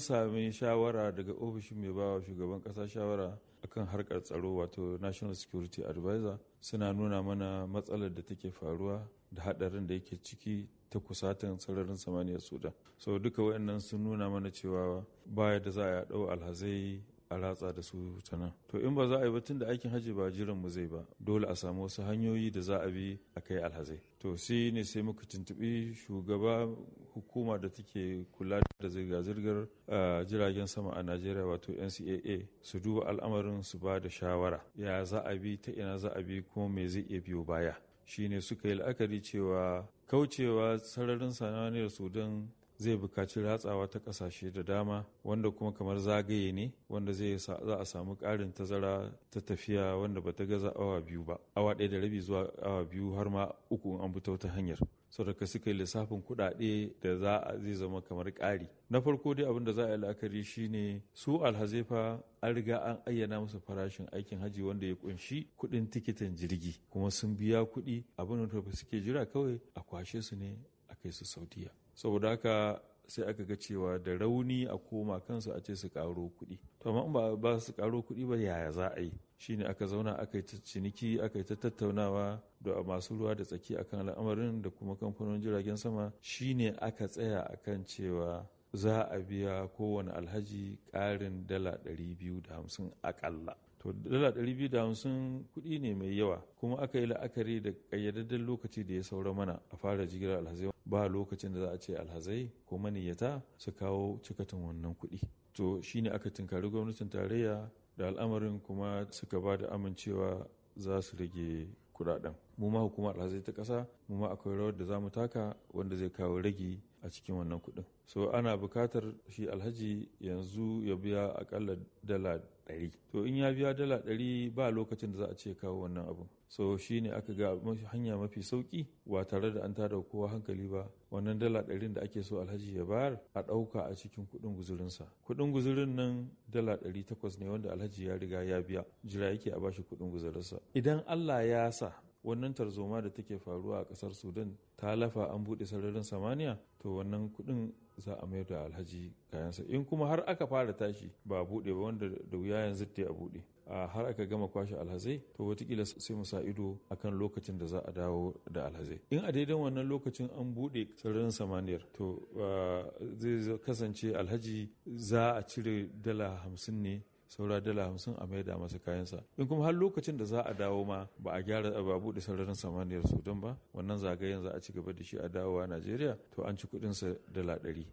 sami shawara daga ofishin mai bawa shugaban ƙasa shawara akan harkar tsaro wato national security advisor suna nuna mana matsalar da take faruwa da haɗarin da yake ciki ta kusatan sararin samaniyar sudan so duka waɗannan sun nuna mana cewa baya da za a ɗau alhazai a ratsa da su ta nan to in ba za a yi batun da aikin hajji ba jiran mu zai ba dole a samu wasu hanyoyi da za a bi a kai alhazai to sai ne sai muka tuntuɓi shugaba hukuma da take kula da zirga-zirgar jiragen sama a najeriya wato ncaa su duba al'amarin su ba da shawara ya za a bi ta ina za a bi kuma me zai iya biyo baya shine suka yi la'akari cewa kaucewa sararin sananiyar sudan zai bukaci ratsawa ta ƙasashe da dama wanda kuma kamar zagaye ne wanda zai za a samu ƙarin tazara ta tafiya wanda ba ta gaza awa biyu ba awa ɗaya da rabi zuwa awa biyu har ma uku in an fito ta hanyar da suka yi lissafin kuɗaɗe da za a zai zama kamar ƙari na farko dai abin da za a yi la'akari shine su alhazefa an riga an ayyana musu farashin aikin hajji wanda ya kunshi kuɗin tikitin jirgi kuma sun biya kuɗi abin da suke jira kawai a kwashe su ne a kai su saudiya saboda haka sai aka ga cewa da rauni a koma kansu a ce su karo kuɗi to amma ba ba su karo kuɗi ba yaya za a yi shine aka zauna aka yi ciniki aka yi ta tattaunawa da masu ruwa da tsaki akan al'amarin da kuma kamfanonin jiragen sama shine aka tsaya akan cewa za a biya kowane alhaji ƙarin dala 250 akalla to dala ɗari biyu da hamsin kuɗi ne mai yawa kuma aka yi la'akari da ƙayyadadden lokaci da ya saura mana a fara jigilar alhazai ba lokacin da za a ce alhazai ko maniyyata su kawo cikatan wannan kuɗi to shine aka tinkari gwamnatin tarayya da al'amarin kuma suka ba da amincewa za su rage kudaden. mu ma hukumar alhazai ta ƙasa mu ma akwai rawar da za mu taka wanda zai kawo ragi a cikin wannan kuɗin so ana bukatar shi alhaji yanzu ya biya akalla dala ɗari to in ya biya dala ɗari ba lokacin da za a ce kawo wannan abu. so shi ne aka ga hanya mafi sauki ba tare da an tada kowa hankali ba wannan dala ɗarin da ake so alhaji ya bayar a ɗauka a cikin kuɗin guzurinsa kuɗin guzurin nan dala ɗari takwas ne wanda alhaji ya riga ya biya jira yake a bashi kuɗin guzurinsa idan allah ya sa wannan tarzoma da take faruwa a kasar sudan ta lafa an buɗe sararin samaniya to wannan kuɗin za a mayar da alhaji kayansa in kuma har aka fara tashi ba a buɗe ba wanda da wuya yanzu ta a buɗe a har aka gama kwashe alhazai to watakila sai mu sa ido akan lokacin da za a dawo da alhazai in a daidan wannan lokacin an buɗe sararin samaniyar to zai kasance alhaji za a cire dala hamsin ne saura dala hamsin a maida masa kayansa in kuma har lokacin da za a dawo ma ba a gyara ba buɗe sararin samaniyar sudan ba wannan zagayen za a ci gaba da shi a dawowa najeriya to an ci kuɗinsa dala ɗari